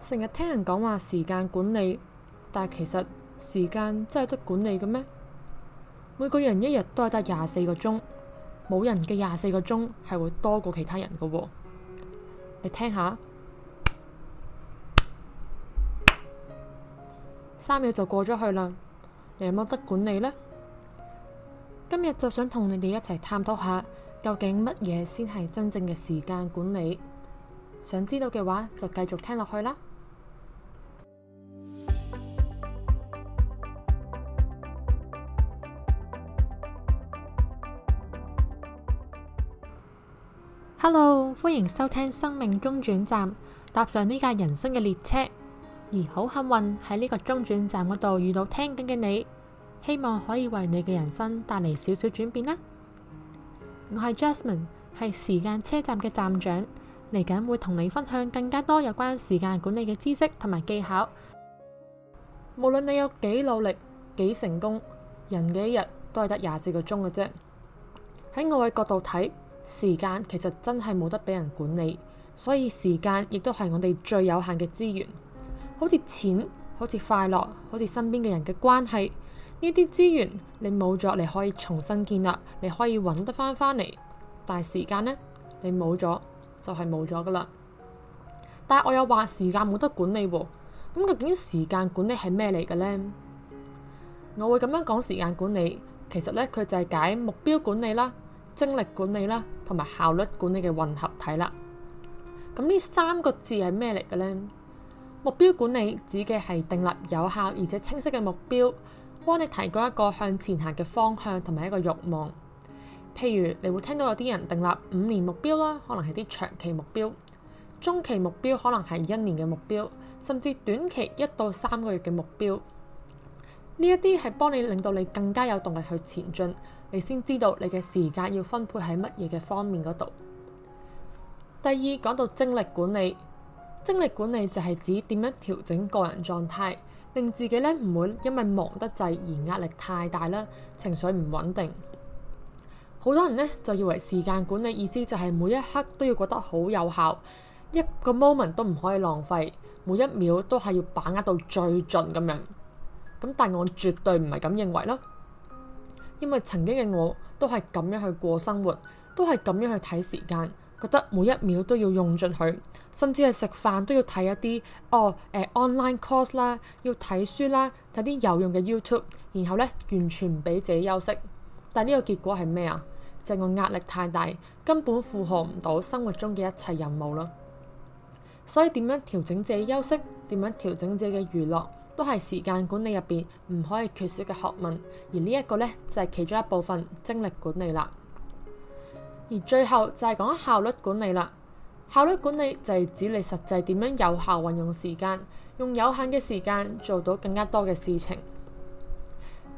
成日聽人講話時間管理，但其實時間真係得管理嘅咩？每個人一日都係得廿四個鐘，冇人嘅廿四個鐘係會多過其他人嘅喎。你聽下，三秒就過咗去啦，你有冇得管理呢？今日就想同你哋一齊探討下，究竟乜嘢先係真正嘅時間管理？想知道嘅話，就繼續聽落去啦。Hello，歡迎收聽生命中轉站，搭上呢架人生嘅列車，而好幸運喺呢個中轉站嗰度遇到聽緊嘅你，希望可以為你嘅人生帶嚟少少轉變啦。我係 Jasmine，係時間車站嘅站長，嚟緊會同你分享更加多有關時間管理嘅知識同埋技巧。無論你有幾努力、幾成功，人嘅一日都係得廿四個鐘嘅啫。喺我嘅角度睇。時間其實真係冇得俾人管理，所以時間亦都係我哋最有限嘅資源。好似錢，好似快樂，好似身邊嘅人嘅關係，呢啲資源你冇咗，你可以重新建立，你可以揾得翻翻嚟。但係時間呢，你冇咗就係冇咗噶啦。但係我又話時間冇得管理喎，咁究竟時間管理係咩嚟嘅呢？我會咁樣講時間管理，其實呢，佢就係解目標管理啦。精力管理啦，同埋效率管理嘅混合體啦。咁呢三個字係咩嚟嘅咧？目標管理指嘅係訂立有效而且清晰嘅目標，幫你提供一個向前行嘅方向同埋一個欲望。譬如你會聽到有啲人訂立五年目標啦，可能係啲長期目標；中期目標可能係一年嘅目標，甚至短期一到三個月嘅目標。呢一啲係幫你令到你更加有動力去前進。你先知道你嘅時間要分配喺乜嘢嘅方面嗰度。第二，講到精力管理，精力管理就係指點樣調整個人狀態，令自己咧唔會因為忙得滯而壓力太大啦，情緒唔穩定。好多人呢就以為時間管理意思就係每一刻都要覺得好有效，一個 moment 都唔可以浪費，每一秒都係要把握到最盡咁樣。咁但係我絕對唔係咁認為囉。因為曾經嘅我都係咁樣去過生活，都係咁樣去睇時間，覺得每一秒都要用盡佢，甚至係食飯都要睇一啲哦，誒、呃，online course 啦，要睇書啦，睇啲有用嘅 YouTube，然後咧完全唔俾自己休息。但係呢個結果係咩啊？就係我壓力太大，根本負荷唔到生活中嘅一切任務囉。所以點樣調整自己休息？點樣調整自己嘅娛樂？都係時間管理入邊唔可以缺少嘅學問，而呢一個呢，就係其中一部分精力管理啦。而最後就係講效率管理啦。效率管理就係指你實際點樣有效運用時間，用有限嘅時間做到更加多嘅事情。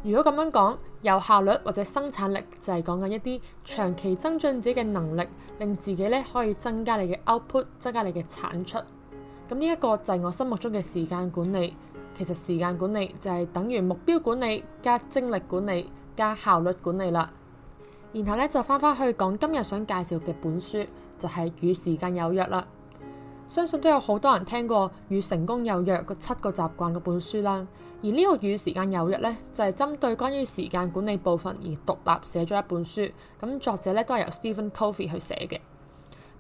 如果咁樣講，有效率或者生產力就係講緊一啲長期增進自己嘅能力，令自己呢可以增加你嘅 output，增加你嘅產出。咁呢一個就係我心目中嘅時間管理。其實時間管理就係等於目標管理加精力管理加效率管理啦。然後咧就翻翻去講今日想介紹嘅本書就係《與時間有約》啦。相信都有好多人聽過《與成功有約》嗰七個習慣嘅本書啦。而呢個《與時間有約》咧就係針對關於時間管理部分而獨立寫咗一本書。咁作者咧都係由 Stephen Covey 去寫嘅。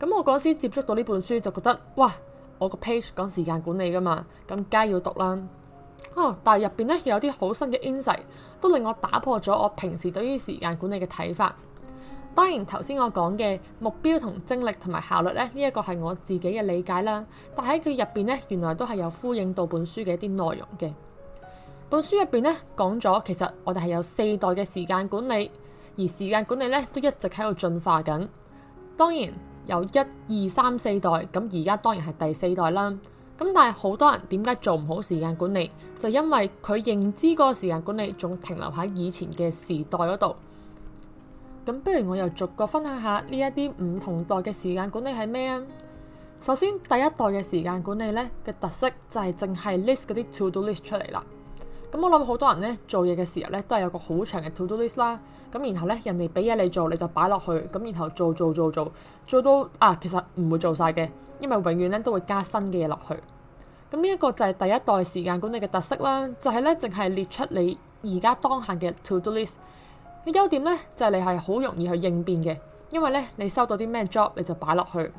咁我嗰時接觸到呢本書就覺得哇，我個 page 講時間管理噶嘛，咁梗要讀啦。哦、但係入邊咧有啲好新嘅 insight，都令我打破咗我平時對於時間管理嘅睇法。當然頭先我講嘅目標同精力同埋效率咧，呢一個係我自己嘅理解啦。但喺佢入邊咧，原來都係有呼應到本書嘅一啲內容嘅。本書入邊咧講咗，其實我哋係有四代嘅時間管理，而時間管理咧都一直喺度進化緊。當然有一二三四代，咁而家當然係第四代啦。咁但係好多人點解做唔好時間管理？就因為佢認知個時間管理仲停留喺以前嘅時代嗰度。咁不如我又逐個分享下呢一啲唔同代嘅時間管理係咩啊？首先第一代嘅時間管理呢，嘅特色就係淨係 list 嗰啲 to do list 出嚟啦。咁我諗好多人呢，做嘢嘅時候呢，都係有個好長嘅 to do list 啦。咁然後呢，人哋俾嘢你做，你就擺落去。咁然後做做做做，做到啊，其實唔會做晒嘅，因為永遠呢都會加新嘅嘢落去。咁呢一個就係第一代時間管理嘅特色啦，就係咧淨係列出你而家當下嘅 to do list。嘅優點咧就係、是、你係好容易去應變嘅，因為咧你收到啲咩 job 你就擺落去。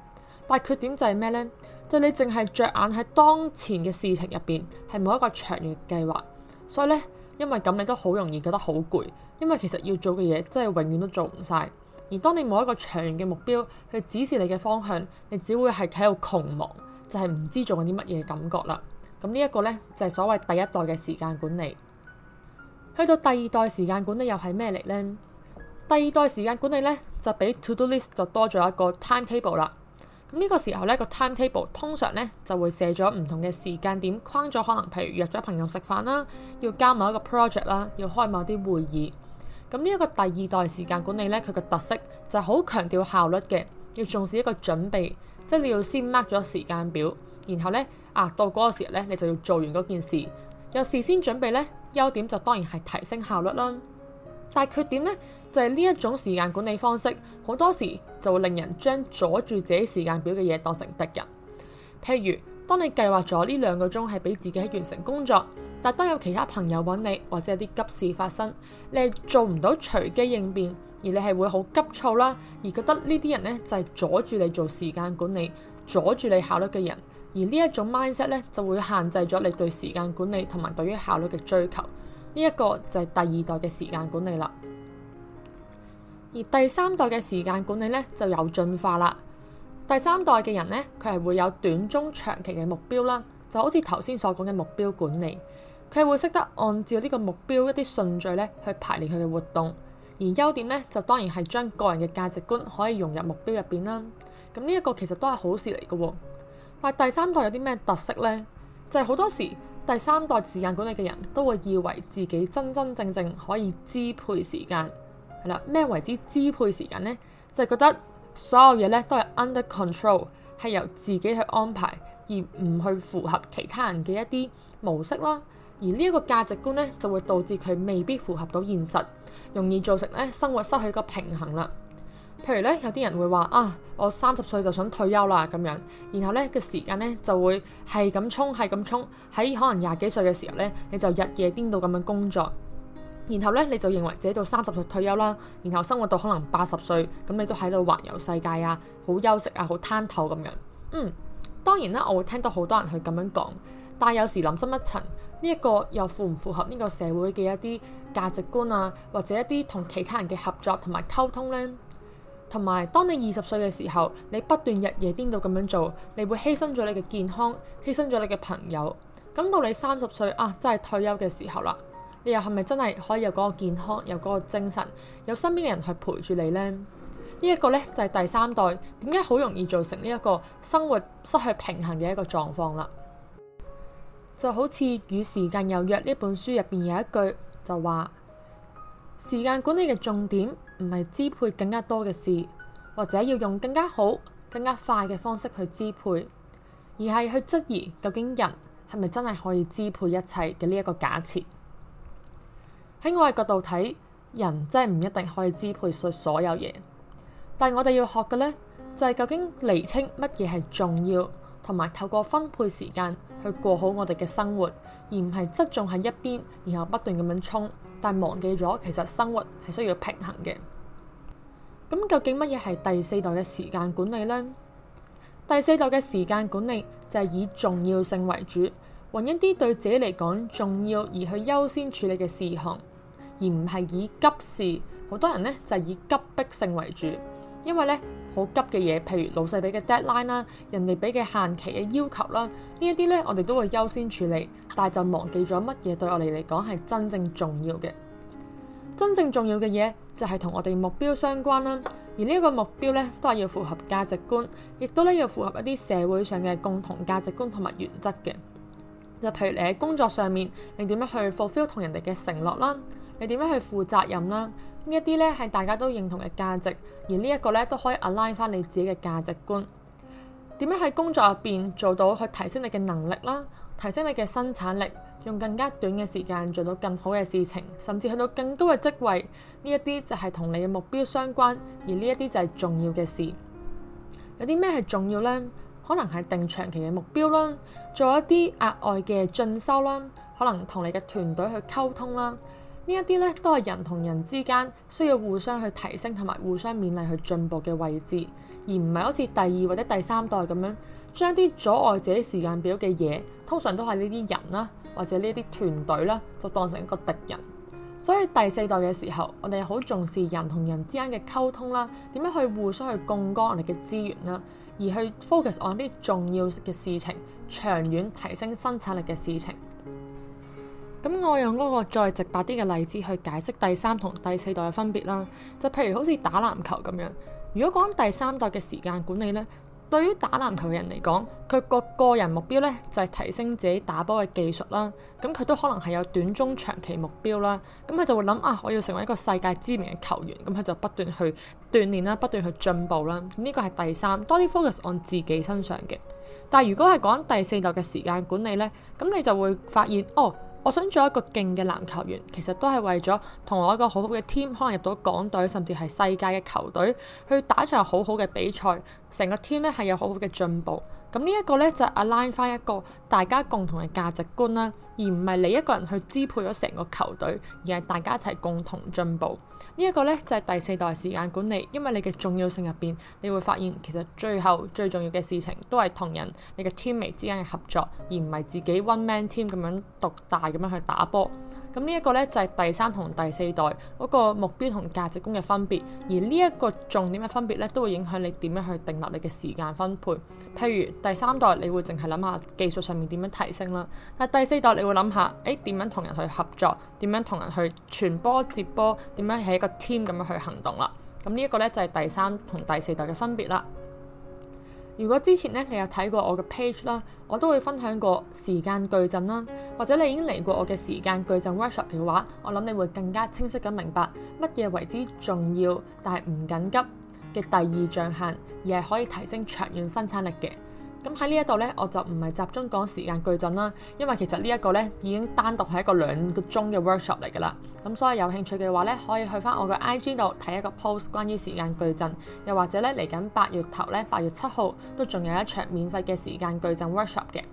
但係缺點就係咩咧？就係你淨係着眼喺當前嘅事情入邊，係冇一個長遠嘅計劃。所以咧，因為咁你都好容易覺得好攰，因為其實要做嘅嘢真係永遠都做唔晒。而當你冇一個長遠嘅目標去指示你嘅方向，你只會係喺度窮忙。就係唔知做緊啲乜嘢感覺啦。咁呢一個呢，就係所謂第一代嘅時間管理。去到第二代時間管理又係咩嚟呢？第二代時間管理呢，就比 to do list 就多咗一個 timetable 啦。咁呢個時候呢，個 timetable 通常呢，就會寫咗唔同嘅時間點，框咗可能譬如約咗朋友食飯啦，要交某一個 project 啦，要開某啲會議。咁呢一個第二代時間管理呢，佢嘅特色就係好強調效率嘅。要重視一個準備，即係你要先 mark 咗時間表，然後呢，啊到嗰個時候呢，你就要做完嗰件事。有事先準備呢，優點就當然係提升效率啦。但係缺點呢，就係呢一種時間管理方式，好多時就會令人將阻住自己時間表嘅嘢當成敵人。譬如，當你計劃咗呢兩個鐘係俾自己喺完成工作，但當有其他朋友揾你，或者有啲急事發生，你係做唔到隨機應變。而你係會好急躁啦，而覺得呢啲人呢，就係阻住你做時間管理，阻住你效率嘅人。而呢一種 mindset 呢，就會限制咗你對時間管理同埋對於效率嘅追求。呢一個就係第二代嘅時間管理啦。而第三代嘅時間管理呢，就有進化啦。第三代嘅人呢，佢係會有短、中、長期嘅目標啦，就好似頭先所講嘅目標管理，佢係會識得按照呢個目標一啲順序呢去排列佢嘅活動。而優點咧，就當然係將個人嘅價值觀可以融入目標入邊啦。咁呢一個其實都係好事嚟嘅喎。但係第三代有啲咩特色呢？就係、是、好多時第三代時間管理嘅人都會以為自己真真正正可以支配時間。係啦，咩為之支配時間呢？就係、是、覺得所有嘢咧都係 under control，係由自己去安排，而唔去符合其他人嘅一啲模式啦。而呢一個價值觀咧，就會導致佢未必符合到現實，容易造成咧生活失去個平衡啦。譬如咧，有啲人會話啊，我三十歲就想退休啦咁樣，然後咧個時間咧就會係咁衝，係咁衝，喺可能廿幾歲嘅時候咧，你就日夜顛倒咁樣工作，然後咧你就認為自己到三十歲退休啦，然後生活到可能八十歲咁，你都喺度環遊世界啊，好休息啊，好攤抖咁樣。嗯，當然啦，我會聽到好多人去咁樣講。但有時諗深一層，呢一個又符唔符合呢個社會嘅一啲價值觀啊，或者一啲同其他人嘅合作同埋溝通呢？同埋，當你二十歲嘅時候，你不斷日夜顛倒咁樣做，你會犧牲咗你嘅健康，犧牲咗你嘅朋友。咁到你三十歲啊，真係退休嘅時候啦，你又係咪真係可以有嗰個健康，有嗰個精神，有身邊嘅人去陪住你呢？呢一個呢，就係第三代點解好容易造成呢一個生活失去平衡嘅一個狀況啦。就好似《與時間有約》呢本書入邊有一句就話時間管理嘅重點唔係支配更加多嘅事，或者要用更加好、更加快嘅方式去支配，而係去質疑究竟人係咪真係可以支配一切嘅呢一個假設。喺我嘅角度睇，人真係唔一定可以支配所所有嘢，但係我哋要學嘅呢，就係究竟厘清乜嘢係重要，同埋透過分配時間。去過好我哋嘅生活，而唔係側重喺一邊，然後不斷咁樣衝，但忘記咗其實生活係需要平衡嘅。咁究竟乜嘢係第四代嘅時間管理呢？第四代嘅時間管理就係以重要性為主，揾一啲對自己嚟講重要而去優先處理嘅事項，而唔係以急事。好多人呢就係以急迫性為主，因為呢，好急嘅嘢，譬如老細俾嘅 deadline 啦，人哋俾嘅限期嘅要求啦，呢一啲呢，我哋都會優先處理，但係就忘記咗乜嘢對我哋嚟講係真正重要嘅。真正重要嘅嘢就係同我哋目標相關啦，而呢一個目標呢，都係要符合價值觀，亦都咧要符合一啲社會上嘅共同價值觀同埋原則嘅，就譬如你喺工作上面，你點樣去 fulfill 同人哋嘅承諾啦。你點樣去負責任啦，呢一啲呢係大家都認同嘅價值，而呢一個呢都可以 align 翻你自己嘅價值觀。點樣喺工作入邊做到去提升你嘅能力啦，提升你嘅生產力，用更加短嘅時間做到更好嘅事情，甚至去到更高嘅職位？呢一啲就係同你嘅目標相關，而呢一啲就係重要嘅事。有啲咩係重要呢？可能係定長期嘅目標啦，做一啲額外嘅進修啦，可能同你嘅團隊去溝通啦。呢一啲咧，都係人同人之間需要互相去提升同埋互相勉勵去進步嘅位置，而唔係好似第二或者第三代咁樣將啲阻礙自己時間表嘅嘢，通常都係呢啲人啦，或者呢啲團隊啦，就當成一個敵人。所以第四代嘅時候，我哋好重視人同人之間嘅溝通啦，點樣去互相去槓桿我哋嘅資源啦，而去 focus on 啲重要嘅事情，長遠提升生產力嘅事情。咁我用嗰個再直白啲嘅例子去解釋第三同第四代嘅分別啦。就譬如好似打籃球咁樣，如果講第三代嘅時間管理呢，對於打籃球嘅人嚟講，佢個個人目標呢就係提升自己打波嘅技術啦。咁佢都可能係有短中長期目標啦。咁佢就會諗啊，我要成為一個世界知名嘅球員，咁佢就不斷去鍛鍊啦，不斷去進步啦。咁呢個係第三多啲 focus on 自己身上嘅。但係如果係講第四代嘅時間管理呢，咁你就會發現哦。我想做一個勁嘅籃球員，其實都係為咗同我一個好好嘅 team，可能入到港隊，甚至係世界嘅球隊去打一場好好嘅比賽，成個 team 咧係有好好嘅進步。咁呢一個呢，就係 align 翻一個大家共同嘅價值觀啦，而唔係你一個人去支配咗成個球隊，而係大家一齊共同進步。呢一個呢，就係第四代時間管理，因為你嘅重要性入邊，你會發現其實最後最重要嘅事情都係同人、你嘅 team 嚟之間嘅合作，而唔係自己 one man team 咁樣獨大咁樣去打波。咁呢一個呢，就係第三同第四代嗰個目標同價值觀嘅分別，而呢一個重點嘅分別呢，都會影響你點樣去定立你嘅時間分配。譬如第三代，你會淨係諗下技術上面點樣提升啦；但第四代，你會諗下，誒點樣同人去合作，點樣同人去傳波接波，點樣喺一個 team 咁樣去行動啦。咁呢一個呢，就係第三同第四代嘅分別啦。如果之前呢你有睇過我嘅 page 啦，我都會分享過時間矩陣啦，或者你已經嚟過我嘅時間矩陣 workshop 嘅話，我諗你會更加清晰咁明白乜嘢為之重要，但係唔緊急嘅第二象限，而係可以提升長遠生產力嘅。咁喺呢一度呢，我就唔係集中講時間矩陣啦，因為其實呢一個呢已經單獨係一個兩個鐘嘅 workshop 嚟噶啦。咁所以有興趣嘅話呢，可以去翻我個 IG 度睇一個 post 關於時間矩陣，又或者呢嚟緊八月頭呢，八月七號都仲有一場免費嘅時間矩陣 workshop 嘅。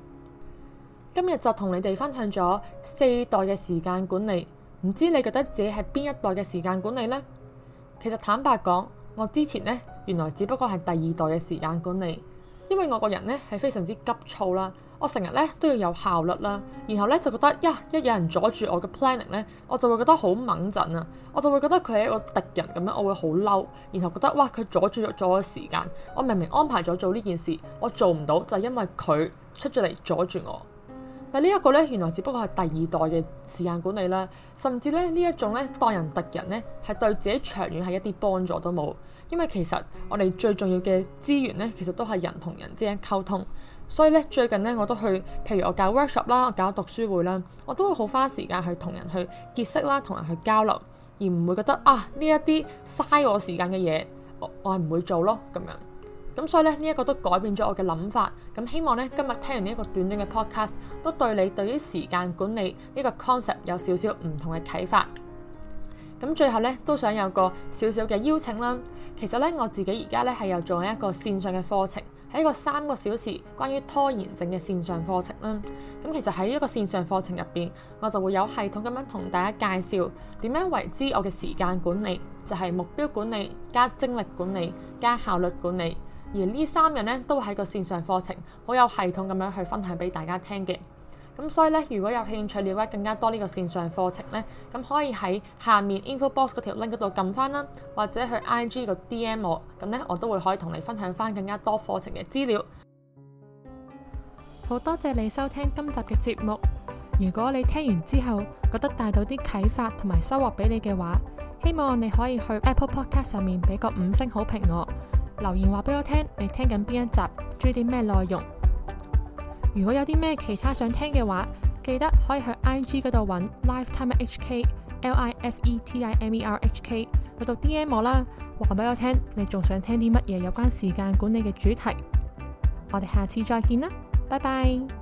今日就同你哋分享咗四代嘅時間管理，唔知你覺得自己係邊一代嘅時間管理呢？其實坦白講，我之前呢，原來只不過係第二代嘅時間管理。因為我個人咧，係非常之急躁啦，我成日咧，都要有效率啦，然後咧，就覺得呀，一有人阻住我嘅 planning 咧，我就會覺得好猛震啊，我就會覺得佢係一個敵人咁樣，我會好嬲，然後覺得哇，佢阻住咗我時間，我明明安排咗做呢件事，我做唔到就係因為佢出咗嚟阻住我。但呢一個咧，原來只不過係第二代嘅時間管理啦，甚至咧呢一種咧當人敵人咧，係對自己長遠係一啲幫助都冇，因為其實我哋最重要嘅資源咧，其實都係人同人之間溝通。所以咧最近咧我都去，譬如我搞 workshop 啦，搞讀書會啦，我都會好花時間去同人去結識啦，同人去交流，而唔會覺得啊呢一啲嘥我時間嘅嘢，我我係唔會做咯咁樣。咁所以咧，呢一個都改變咗我嘅諗法。咁希望呢，今日聽完呢一個短短嘅 podcast，都對你對於時間管理呢個 concept 有少少唔同嘅啟發。咁最後呢，都想有個少少嘅邀請啦。其實呢，我自己而家呢，係又做一個綫上嘅課程，喺一個三個小時關於拖延症嘅綫上課程啦。咁其實喺一個綫上課程入邊，我就會有系統咁樣同大家介紹點樣爲之我嘅時間管理，就係目標管理加精力管理加效率管理。而呢三人呢，都係個線上課程好有系統咁樣去分享俾大家聽嘅，咁所以呢，如果有興趣了解更加多呢個線上課程呢，咁可以喺下面 info box 嗰條 link 嗰度撳翻啦，或者去 IG 個 DM 我，咁呢，我都會可以同你分享翻更加多課程嘅資料。好多謝你收聽今集嘅節目，如果你聽完之後覺得帶到啲啟發同埋收穫俾你嘅話，希望你可以去 Apple Podcast 上面俾個五星好評我。留言話俾我聽，你聽緊邊一集，中意啲咩內容？如果有啲咩其他想聽嘅話，記得可以去 I G 嗰度揾 LifeTimer HK，L I F E T I M E R H K，去到 D M、e R H、K, DM 我啦。話俾我聽，你仲想聽啲乜嘢有關時間管理嘅主題？我哋下次再見啦，拜拜。